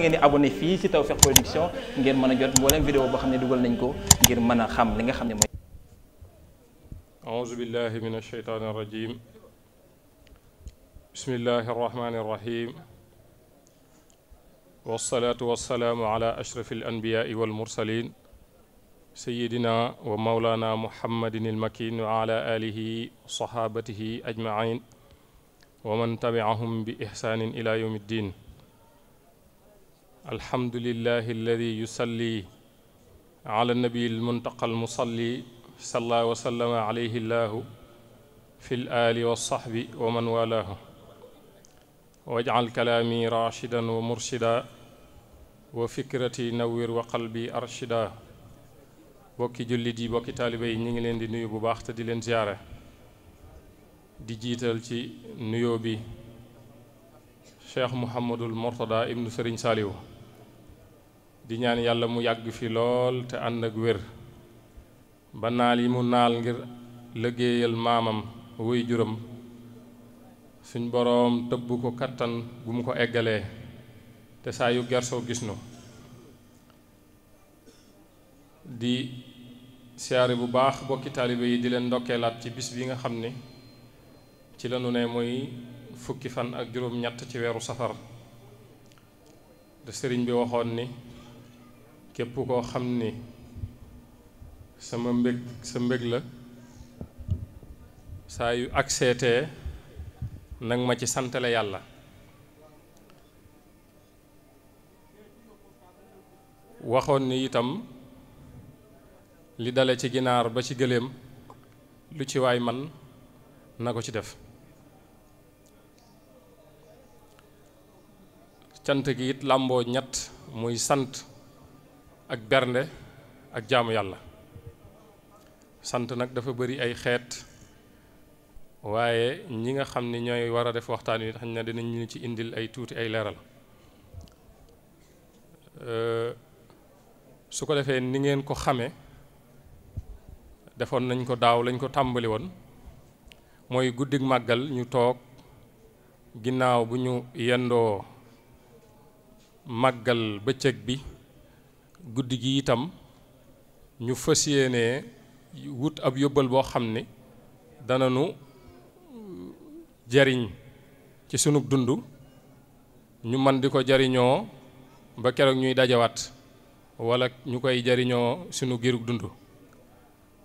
ngeen di abonné fii ci Tawfekh Production ngeen mën a jot mboolem vidéo boo xam ne dugal nañ ko ngir mën a xam li nga xam ne mooy a'uuzu billahi min ash-shaytaani ar-rajiim bismillahi ar-rahmaani ar-rahiim wassalaatu wassalaamu ala ashraf al-anbiyaai wal mursaliin sayyidina wa mawlaana muhammadin al-makiin wa ala aalihi wa sahaabatihi ajmaiin wa man tabiahum bi ihsaanin ila yawmi ddiin الحمد لله الذي يصلي على النبي المنتقى المصلي صلى الله وسلم عليه الله في الآل والصحب ومن والاه واجعل كلامي راشدا ومرشدا وفكرتي نوّر وقلبي أرشدا bokki jullit yi bokki taaliba yi ñu ngi leen di nuyu bu baax te di leen ziyaare di jiital ci nuyoo bi cheikh Mouhamadul Mourtada ibnu Serigne Saliou di ñaan yàlla mu yàgg fi lool te ànd ak wér ba naal yi mu naal ngir liggéeyal maamam wuy juram suñ boroom tëb ko kattan bu mu ko eggalee te saa yu gersoo gis nu di siyaare bu baax bokki taalibe yi di leen ndokkeelaat ci bis bi nga xam ni ci la nu ne mooy fukki fan ak juróom ñett ci weeru safar da sëriñ bi waxoon ni képp koo xam ni sama mbég sa mbég la saa yu agseetee nag ma ci santale yàlla waxoon ni itam li dale ci ginaar ba ci gëléem lu ci waay man na ko ci def cant gi it làmboo ñett muy sant ak bernde ak jaamu yàlla sant nag dafa bari ay xeet waaye ñi nga xam ne ñooy war a def waxtaan wi xam ne dinañ ñu ci indil ay tuuti ay leeral su ko defee ni ngeen ko xamee defoon nañ ko daaw lañ ko tàmbali woon mooy guddig màggal ñu toog ginnaaw bu ñu yendoo màggal bëccëg bi guddi gi itam ñu fas yéenee wut ab yóbbal boo xam ne dana nu uh, jariñ ci sunug dund ñu man di ko jariñoo ba keroog ñuy dajawaat wala ñu koy jariñoo sunu giirug dund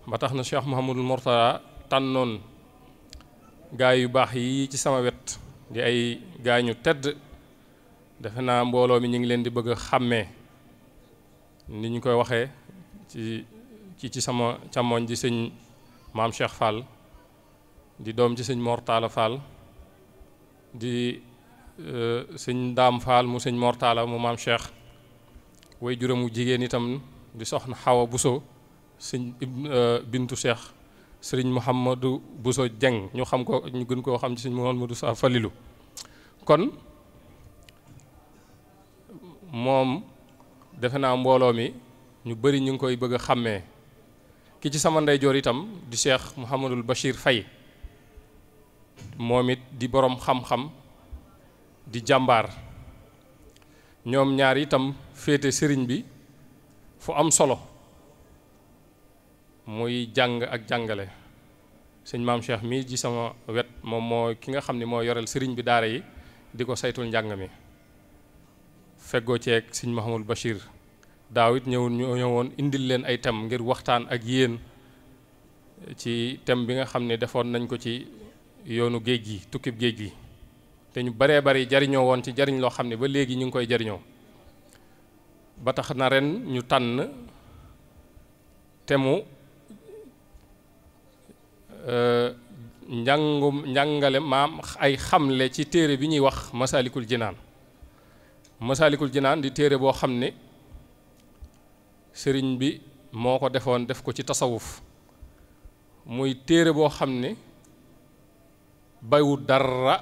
ba tax na Cheikh Mouhamadul Mourtada tànnoon gaa yu baax yi ci sama wet di ay gaa ñu tedd defe naa mbooloo mi ñu ngi leen di bëgg a xàmmee ni ñu koy waxee ci ci ci sama càmmoñ di sëñ maam Cheikh Fall di doom ci sëñ Mortala Fall di euh, sëñ Daam Fall mu sëñ Mortala mu maam Cheikh way juróomu jigéen itam di soxna Xawa Buso sëñ euh, bintu Cheikh sëriñ Mouhamadou Buso Jeng ñu xam ko ñu gën koo xam ci sëñ Mouhamadou Sa Falilu kon moom defe naa mbooloo mi ñu bëri ñu ngi koy bëgg a xàmmee ki ci sama ndeyjoor itam di Cheikh Mouhamadul Bachir fay moom it di borom xam-xam di jàmbaar ñoom ñaar itam féete sëriñ bi fu am solo muy jàng ak jàngale sëñ maam Cheikh mi ci sama wet moom moo ki nga xam ni moo yoral sëriñ bi daara yi di ko saytul njàng mi feggoo ceeg sëñ Mouhamadul Bachir daaw it ñëwoon ñu indil leen ay thèmes ngir waxtaan ak yéen ci thème bi nga xam ne defoon nañ ko ci yoonu géej gi tukkib géej gi te ñu baree bari jariñoo woon ci jariñ loo xam ne ba léegi ñu ngi koy jariñoo ba tax na ren ñu tànn temu euh, njàngum njàngale maam ay xamle ci téere bi ñuy wax masalikul jinaan masaalikul jinaan di téere boo xam ne sëriñ bi moo ko defoon def ko ci tasawuf muy téere boo xam ne baywut dara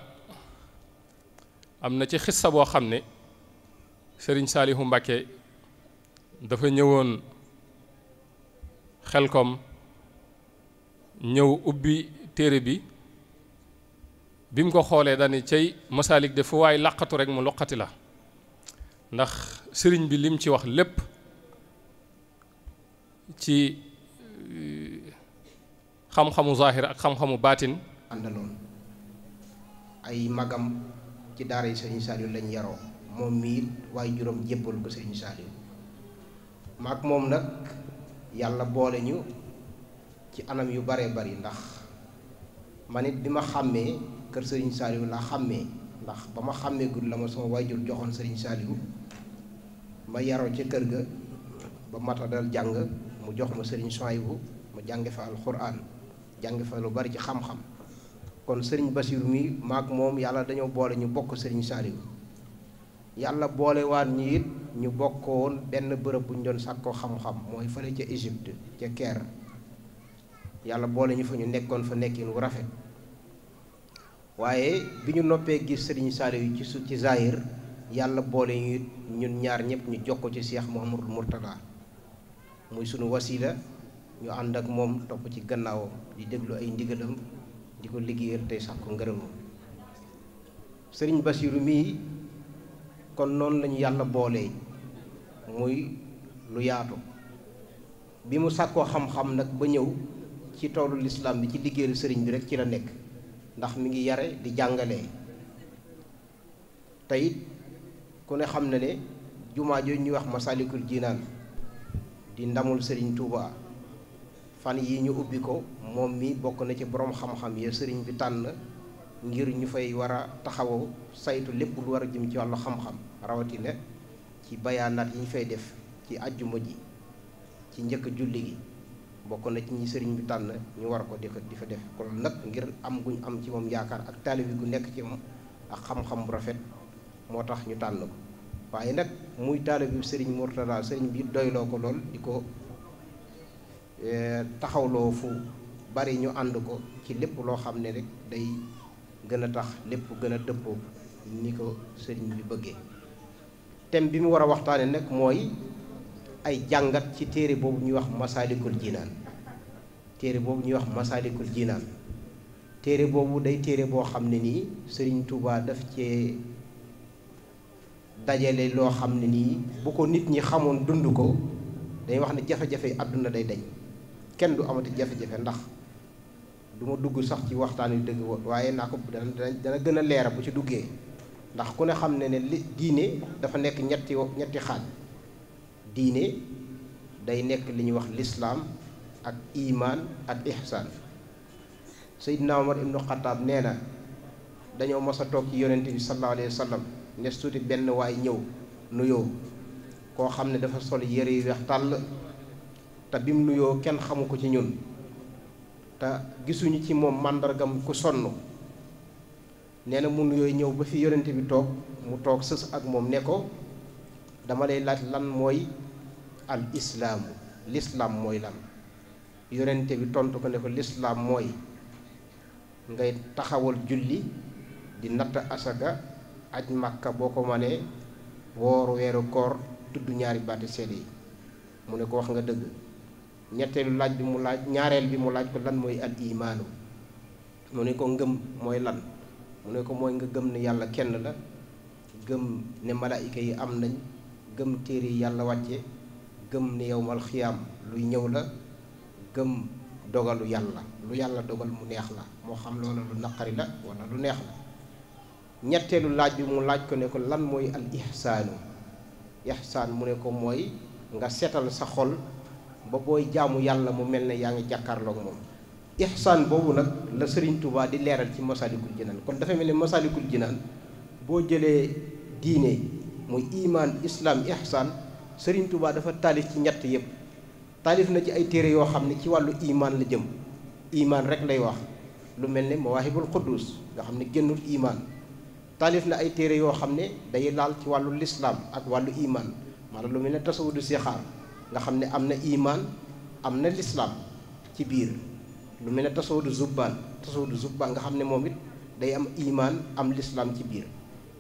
am na ci xissa boo xam ne sëriñ saalihu mbàkke dafa ñëwoon xel xelkom ñëw ubbi téere bi bi mu ko xoolee daane cey masaalik de fu waay làqatu rek mu loqati la ndax sëriñ bi lim ci wax lépp ci euh, xam-xamu zahir ak xam-xamu baatin àndaloon ay magam ci daara yi sëriñ Saliou lañ yaroo moom mii waaye juróom jébbal ko sëriñ Saliou maak moom nag yàlla boole ñu ci anam yu baree bari ndax man it bi ma xàmmee kër sëriñ Saliou laa xàmmee ndax ba ma xàmmee gud la ma sama waajur joxoon sëriñ Saliou ma yaroo ca kër ga ba mata dal jàng mu jox ma sëriñ Sohaybu ma jànge fa alxuraan jànge fa lu bari ci xam-xam kon sëriñ Basiru mi maak moom yàlla dañoo boole ñu bokk sëriñ Saaliw yàlla boole waat ñu it ñu bokkoon benn bërëb bu doon sàkkoo xam mooy fële ca Égypte ca yàlla boole ñu fa ñu nekkoon fa nekkin wu rafet waaye bi ñu noppee gis sëriñ Saaliw ci su ci Zahir yàlla boole ñu ñun ñaar ñëpp ñu jox ko ci Cheikh Mouhamadul Mourtada muy sunu wasila ñu ànd ak moom topp ci gannaawam di déglu ay ndigalam di ko liggéeyal tey sax ko sëriñ Basiru mii kon noonu lañu yàlla boole muy lu yaatu bi mu sàkkoo xam-xam nag ba ñëw ci toolu lislaam bi ci liggéeyal sëriñ bi rek ci la nekk ndax mu ngi yare di jàngale tey ku ne xam na ne jumaa jooju ñuy wax Masaalikul jiinaan di ndamul sëriñ tuuba fan yi ñu ubbi ko moom mi bokk na ci boroom xam-xam ya Serigne bi tànn ngir ñu fay war a taxawoo saytu lépp lu war a jëm ci wàllu xam-xam rawatina ci bayaanaat yi ñu fay def ci àjjuma ji ci njëkk julli gi bokk na ci ñi Serigne bi tànn ñu war ko di ko di fa def kon nag ngir am guñ am ci moom yaakaar ak taalibe gu nekk ci moom ak xam-xam bu rafet. moo tax ñu tànn ko waaye nag muy taalibe sëriñ Mourtada sëriñ bi doyloo ko lool di ko e, taxawloo fu bari ñu ànd ko ci lépp loo xam ne rek day gën a tax lépp gën a dëppoo ni ko sëriñ bi bëggee thème bi mu war a waxtaane nag mooy ay jàngat ci téere boobu ñuy wax masaalikul jinaan téere boobu ñuy wax masaalikul jinaan téere boobu day téere boo xam ne nii sëriñ Touba daf cee dajale loo xam ne nii bu ko nit ñi xamoon dund ko dañuy wax ne jafe-jafe yi àdduna day dañ kenn du amati jafe-jafe ndax duma dugg sax ci waxtaan wi dëgg waaye naa ko dana dana gën a leera bu ci duggee ndax ku ne xam ne ne li diine dafa nekk ñetti ñetti xaaj diine day nekk li ñuy wax lislaam ak imaan ak ihsaan Seydina Omar ibnu nee na dañoo mos a toog ci yonente bi sallallahu alayhi nes tuuti benn waay ñëw nuyoo koo xam ne dafa sol yére yu weex tàll te bim nuyoo kenn xamu ko ci ñun te gisuñu ci moom màndargam ku sonn nee na mu nuyoo ñëw ba fi yonent bi toog mu toog sës ak moom ne ko dama lay laaj lan mooy al islaamu lislaam mooy lan yonente bi tontu ko ne ko lislaam mooy ngay taxawal julli di natt asaga aj màkka boo ko manee woor weeru koor tudd ñaari baati seede yi mu ne ko wax nga dëgg ñetteelu laaj bi mu laaj ñaareel bi mu laaj ko lan mooy al imaanu mu ne ko ngëm mooy lan mu ne ko mooy nga gëm ne yàlla kenn la gëm ne malaayika yi am nañ gëm téere yi yàlla wàcce gëm ne yowmal xiyaam luy ñëw la gëm dogalu yàlla lu yàlla dogal mu neex la moo xam loola lu naqari la wala lu neex la ñetteelu laaj bi mu laaj ko ne ko lan mooy al ihsaanu ihsaan mu ne ko mooy nga seetal sa xol ba booy jaamu yàlla mu mel ne yaa ngi jàkkaarlook moom ihsaan boobu nag la Sëriñ Tuubaa di leeral ci masaalikul jinaan kon dafa mel ne masaalikul jinaan boo jëlee diine muy imaan islaam ihsaan Sëriñ Tuubaa dafa taalif ci ñett yépp taalif na ci ay téere yoo xam ne ci wàllu imaan la jëm imaan rek lay wax lu mel ne mawaahibul quddus nga xam ne génnul imaan taalif na ay téere yoo xam ne day laal ci wàllu lislaam ak wàllu imaan maanaam lu mel ne tasawudu sixaar nga xam ne am na imaan am na lislaam ci biir lu mel ne tasawudu zubbaan tasawudu zubbaan nga xam ne moom it day am imaan am lislaam ci biir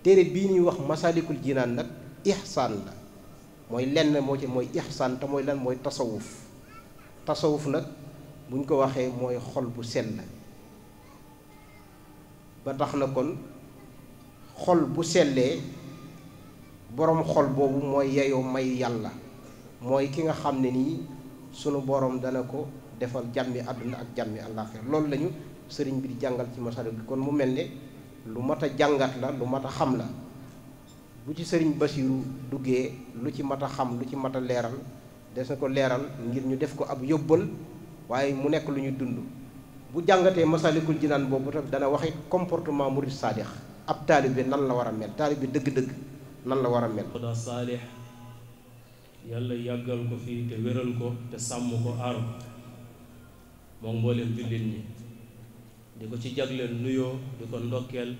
téere bii ñuy wax masaalikul jinaan nag ihsaan la mooy lenn moo ci mooy ihsaan te mooy lan mooy tasawuf tasawuf nag buñ ko waxee mooy xol bu sell ba tax na kon xol bu sellee boroom xol boobu mooy yeyoo may yàlla mooy ki nga xam ne nii sunu boroom dana ko defal jàmmi àdduna ak jàmmi àllaaxira loolu lañu sëriñ bi di jàngal ci Masaalikul gi kon mu mel ne lu mat a jàngat la lu mat a xam la bu ci sëriñ Basiiru duggee lu ci mat a xam lu ci mat a leeral des na ko leeral ngir ñu def ko ab yóbbal waaye mu nekk lu ñu dund bu jàngatee Masaalikul Jinaan boobu tam dana waxit comportement murid saadix ab taalib bi nan la war a mel taalib bi dëgg-dëgg nan la war a mel daa saalix yàlla yàggal ko fii te wéral ko te sàmm ko aar moom moo jullit ñi di ko ci jagleen nuyoo ko ndokkeel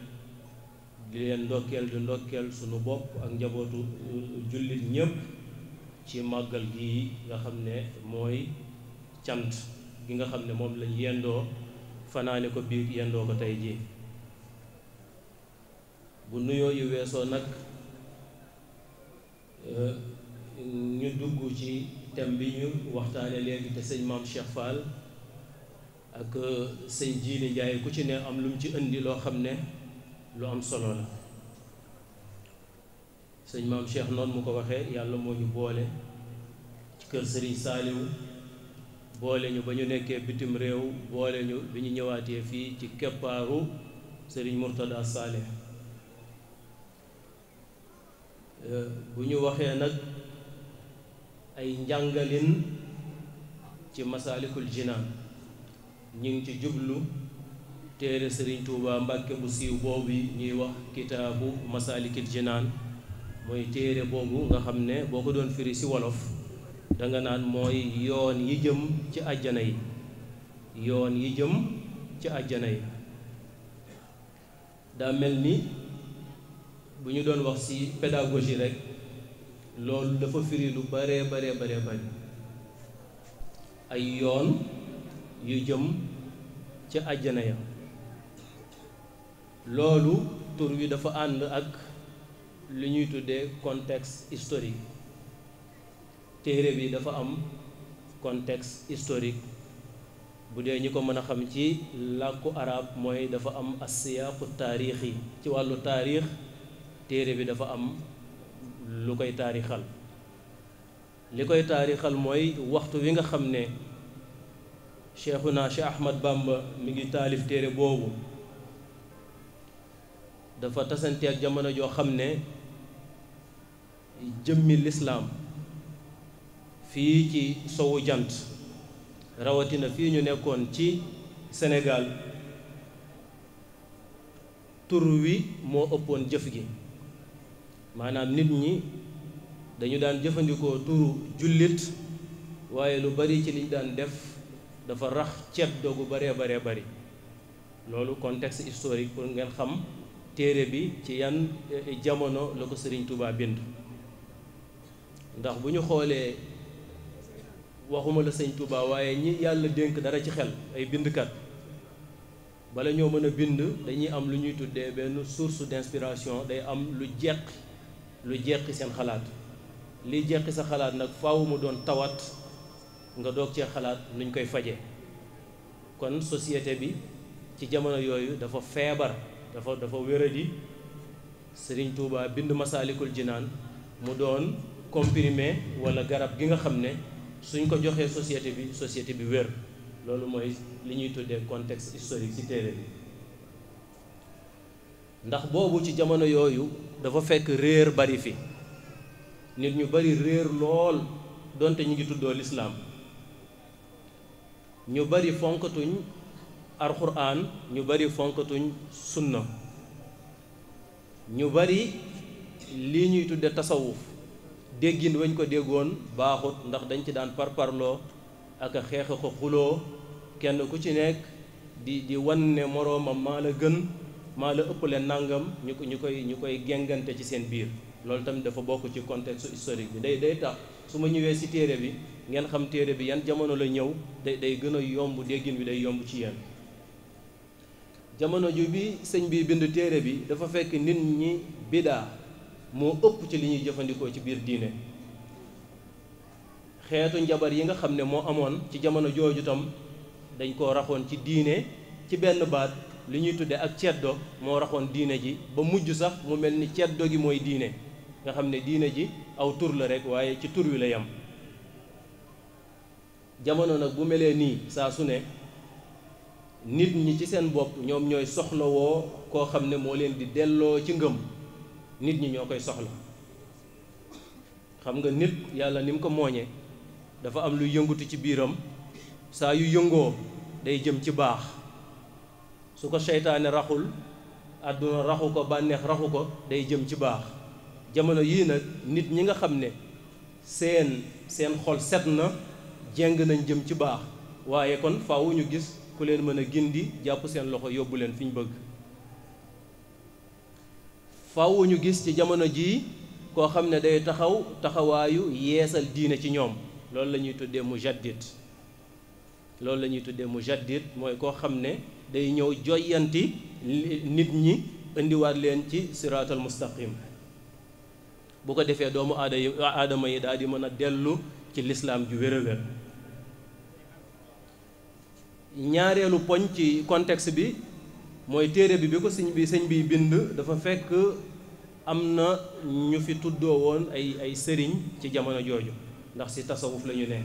di leen ndokkeel di ndokkeel sunu bopp ak njabootu jullit ñépp ci màggal gi nga xam ne mooy cant gi nga xam ne moom lañ yendoo fanaane ko biig yendoo ko tey jii bu nuyoo yu weesoo nag eh, ñu dugg ci tem bi ñu waxtaane léegi te sëñ maam Cheikh Fall ak eh, sëñ Jiili Njaay ku ci ne am lu mu ci indi loo xam ne lu am solo la sëñ maam Cheikh noonu mu ko waxee yàlla moo ñu boole ci kër sëriñ Saaliw boole ñu ba ñu nekkee bitim réew boole ñu bi ñu ñëwaatee fii ci keppaaru sëriñ Murtada Saalih bu ñu waxee nag ay njàngalin ci masaalikul jinaan ñu ngi ci jublu téere Serigne Touba Mbàkke bu siiw boobu ñuy wax kitaabu masaalikul jinaan mooy téere boobu nga xam ne boo ko doon firi ci wolof danga naan mooy yoon yi jëm ci àjjana yi yoon yi jëm ci àjjana yi daa mel ni bu ñu doon wax ci pédagogie rek loolu dafa firi lu bare bare bare bare ay yoon yu jëm ci àjjana ya loolu tur wi dafa ànd ak lu ñuy tuddee contexte historique téere bi dafa am contexte historique bu dee ñi ko mën a xam ci làkku arab mooy dafa am asiyaqu taarix ci wàllu taarix téere bi dafa am lu koy taarixal li koy taarixal mooy waxtu wi nga xam ne cheikhuna cheikh ahmad bamba mi ngi taalif téere boobu dafa tasante ak jamono joo xam ne jëmmi lislaam fii ci sowu jant rawatina fii ñu nekkoon ci Sénégal tur wi moo ëppoon jëf gi maanaam nit ñi dañu daan jëfandikoo turu jullit waaye lu bari ci liñ daan def dafa rax ceeb dogu baree baree bari loolu contexte historique pour ngeen xam téere bi ci yan eh, jamono la ko Sëriñ Tuubaa bind ndax bu ñu xoolee waxuma la sëñ Tuubaa waaye ñi yàlla dénk dara ci xel ay bindkat bala ñoo mën a bind dañuy am lu ñuy tuddee benn source d'inspiration day am lu jeq lu jeqi seen xalaat li jeqi sa xalaat nag faw mu doon tawat nga doog cee xalaat nuñ koy faje kon société bi ci jamono yooyu dafa feebar dafa dafa wéradi Sëriñ Tuubaa bind Masaalikul Jinaan mu doon comprimé walla garab gi nga xam ne suñ ko joxee société bi société bi wér loolu mooy li ñuy tuddee contexte historique ci téere bi ndax boobu ci jamono yooyu dafa fekk réer bari fi nit ñu bari réer lool donte ñu ngi tuddoo lislaam ñu bari fonkatuñ alxuraan ñu bari fonkatuñ sunna ñu bari lii ñuy tudde tasawuf déggin wañ ko déggoon baaxut ndax dañ ci daan parparloo ak a xeex a ko xuloo kenn ku ci nekk di di wan ne moroomam maa la gën maa la ëpp leen nangam ñu ko ñu koy ñu koy gengante ci seen biir loolu tamit dafa bokk ci contexte historique bi day day tax su ma ñëwee si téere bi ngeen xam téere bi yan jamono la ñëw day day gën a yomb déggin bi day yomb ci yéen jamono ju bi sëñ bii bind téere bi dafa fekk nit ñi bidaa moo ëpp ci li ñuy jëfandikoo ci biir diine xeetu njabar yi nga xam ne moo amoon ci jamono jooju tam dañ koo raxoon ci diine ci benn baat li ñuy tudde ak ceddo moo raxoon diine ji ba mujj sax mu mel ni ceddo gi mooy diine nga xam ne diine ji aw tur la rekk waaye ci tur wi la yem jamono nag bu melee nii saa su ne nit ñi ci seen bopp ñoom ñooy soxlawoo koo xam ne moo leen di delloo ci ngëm nit ñi ñoo koy soxla xam nga nit yàlla ni mu ko mooñee dafa am lu yëngutu ci biiram saa yu yëngoo day jëm ci baax su ko seytaane raxul àdduna raxu ko bànneex raxu ko day jëm ci baax jamono yii nag nit ñi nga xam ne seen seen xol set na jeng nañ jëm ci baax waaye kon faaw ñu gis ku leen mën a gindi jàpp seen loxo yóbbu leen fi ñu bëgg faaw ñu gis ci jamono jii koo xam ne day taxaw taxawaayu yeesal diine ci ñoom loolu lañuy ñuy tuddee mujaddid loolu lañuy ñuy tuddee mujaddid mooy koo xam ne day ñëw joyanti nit ñi indiwaat leen ci siraatal mustaqim bu ko defee doomu aada yi aadama yi daal di mën a dellu ci lislaam ju wér a ñaareelu poñ ci contexte bi mooy téere bi bi ko sëñ bi sëñ bi bind dafa fekk am na ñu fi tuddoo woon ay ay sëriñ ci jamono jooju ndax ci tasawuf lañu ñu ne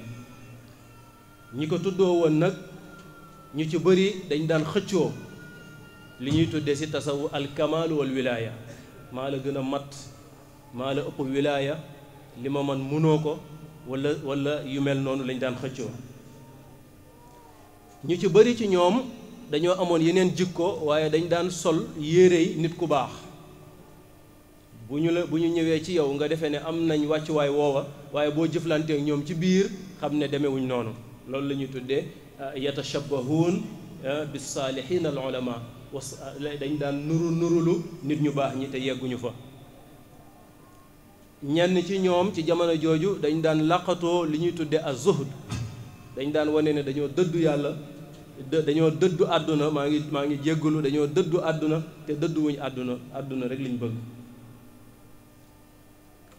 ñi ko tuddoo woon nag ñu ci bari dañ daan xëccoo li ñuy tuddee si tasawu alkamaal wal wilaaya maa la gën a mat maa la ëpp wilaaya li ma man mënoo ko walla walla yu mel noonu lañ daan xëccoo ñu ci bari ci ñoom dañoo amoon yeneen jikko waaye dañ daan sol yérey nit ku baax bu ñu la bu ñu ñëwee ci yow nga defee ne am nañ wàccuwaay woowa waaye boo jëflanteek ñoom ci biir xam ne demewuñ noonu loolu lañuy tuddee yatashabahuun bisaalihiin al ulama dañ daan nuru nurulu nit ñu baax ñi te yegguñu fa ñenn ci ñoom ci jamono jooju dañ daan laqatoo li ñuy tudde az zuhd dañ daan wane ne dañoo dëddu yàlla dañoo dëddu àdduna maa ngi maa ngi jéggalu dañoo dëddu àdduna te dëdduwuñu àdduna àdduna rek liñ bëgg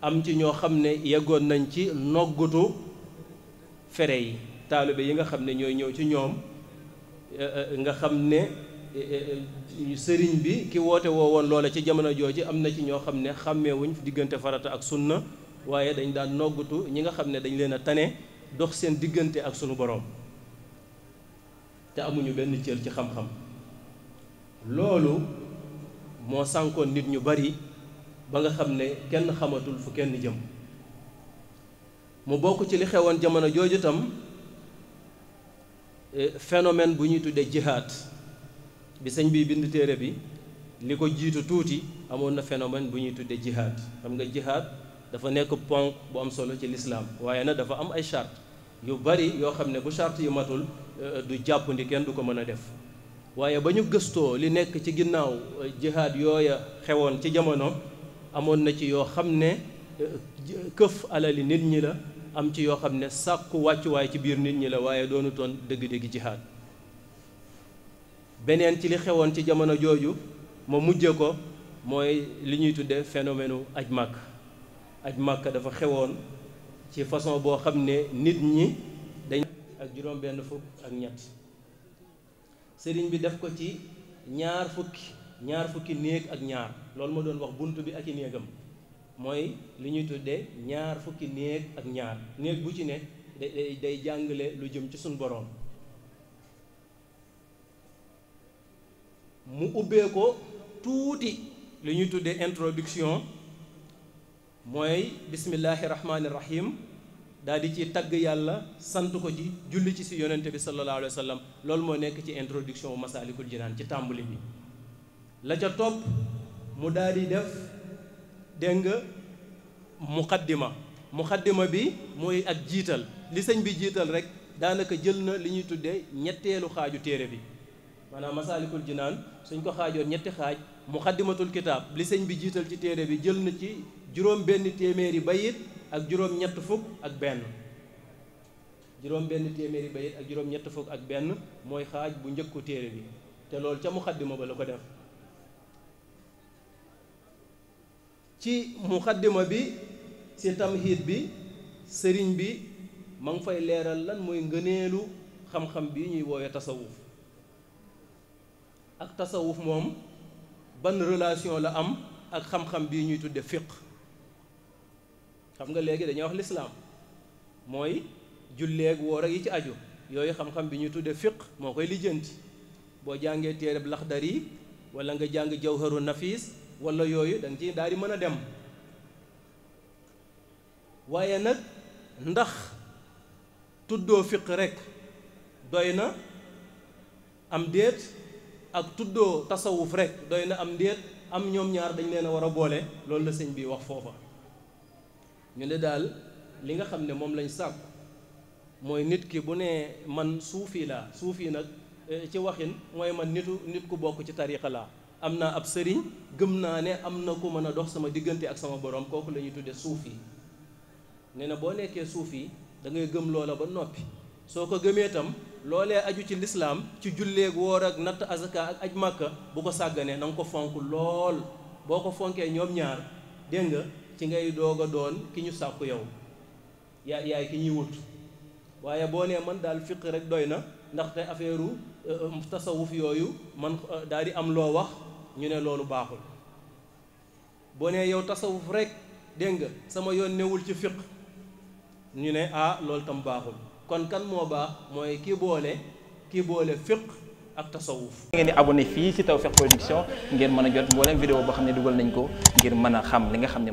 am ci ñoo xam ne yeggoon nañ ci noggutu fere yi taalibe yi nga xam ne ñooy ñëw ci ñoom eh, eh, nga xam ne eh, sëriñ bi ki woote woo woon loola ci jamono jooju am na ci ñoo xam ne xàmmeewuñ diggante farata ak sunna waaye dañ daan noggutu ñi nga xam ne dañ leen a tane dox seen diggante ak sunu boroom te amuñu benn cër ci xam-xam loolu moo sànkoon nit ñu bari ba nga xam ne kenn xamatul fu kenn jëm mu bokk ci li xewoon jamono jooju tam Euh, phénomène bu ñuy tuddee jihaad bi sëñ bi bind téere bi li ko jiitu tuuti amoon na phénomène bu ñuy tuddee jihaad xam nga jihaad dafa nekk ponk bu am solo ci lislaam waaye nag dafa am ay charte yu bari yoo xam ne bu shart yu matul euh, du jàppandi kenn du ko mën a def waaye ba ñu gëstoo li nekk ci ginnaaw euh, jihaad yooya xewoon ci jamono amoon na ci yoo xam ne këf alali nit ñi la am ci yoo xam ne sàkku wàccuwaay ci biir nit ñi la waaye doonu toon dëgg-dëgg jihaad beneen ci li xewoon ci jamono jooju ma mujje ko mooy li ñuy tudde phénomène aj màkk aj màkk dafa xewoon ci façon boo xam ne nit ñi dañ ak juróom benn fukk ak ñett sëriñ bi def ko ci ñaar fukki ñaar fukki néeg ak ñaar loolu ma doon wax bunt bi ak i néegam mooy li ñuy tudde ñaar fukki néeg ak ñaar néeg bu ci ne day day jàngale lu jëm ci suñu borom mu ubbee ko tuuti li ñuy tuddee introduction mooy bismillahi rahmaani rahim daal di ci tagg yàlla sant ko ji julli ci si yonente bi sallallahu alayhi wa sallam loolu moo nekk ci introduction Masaalikul Jinaan ci tàmbali bi la ca topp mu daal def dégg nga muqaddima muqaddima bi mooy ak jiital li sëñ bi jiital rek daanaka jël na li ñuy tuddee ñetteelu xaaju téere bi maanaam masaalikul jinaan suñ ko xaajoon ñetti xaaj muqaddimatul kitaab li sëñ bi jiital ci téere bi jël na ci juróom benn téeméeri ba ak juróom ñett ak benn juróom benn fukk ak benn mooy xaaj bu njëkku téere bi te loolu ca muqaddima ba la ko def ci muqaddima bi ci tamhiid bi sëriñ bi ma ngi fay leeral lan mooy ngëneelu xam-xam bi ñuy woowee tasawuf ak tasawuf moom ban relation la am ak xam-xam bi ñuy tudde fiq xam nga léegi dañuy wax lislaam mooy julleeg woor ak yi ci aju yooyu xam-xam bi ñuy tudde fiq moo koy lijjanti boo jàngee téereb laxdar yi wala nga jàng jaw jawharu nafis walla yooyu da ci ciy daal di mën a dem waaye nag ndax tuddoo fiq rek doy na am déet ak tuddoo tasawuf rek doy na am déet am ñoom ñaar dañ leen a war a boole loolu la sëñ bi wax foofa ñu ne daal li nga xam ne moom lañ sàkku mooy nit ki bu ne man suufi laa suuf yi nag eh, ci waxin mooy man nitu nit ku bokk ci tariqa laa am naa ab sëriñ gëm naa ne am na ko mën a dox sama diggante ak sama borom kooku la ñuy suuf yi nga na boo nekkee suufi da ngay gëm loola ba noppi soo ko gëmee itam loolee aju ci lislaam ci julleeg woor ak natt azaka ak aj màkka bu ko sàgganee nanga ko fonk lool boo ko fonkee ñoom ñaar dégg nga ci ngay doog a doon ki ñu sàkku yow yaa yaay ki ñuy wut waaye boo nee man daal fiq rek doy na ndaxte affaire u euh, euh, tasawuf yooyu man euh, daal di am loo wax ñu ne loolu baaxul boo nee yow tasawuf rek dégg nga sama yoon newul ci fiq ñu ne ah loolu tam baaxul kon kan moo baax mooy kii boole kii boole fiq ak tasawuf ngeen di abonné fii ci Tawfekh Production ngeen mën a jot mboolem vidéo boo xam ne dugal nañ ko ngir mën a xam li nga xam ne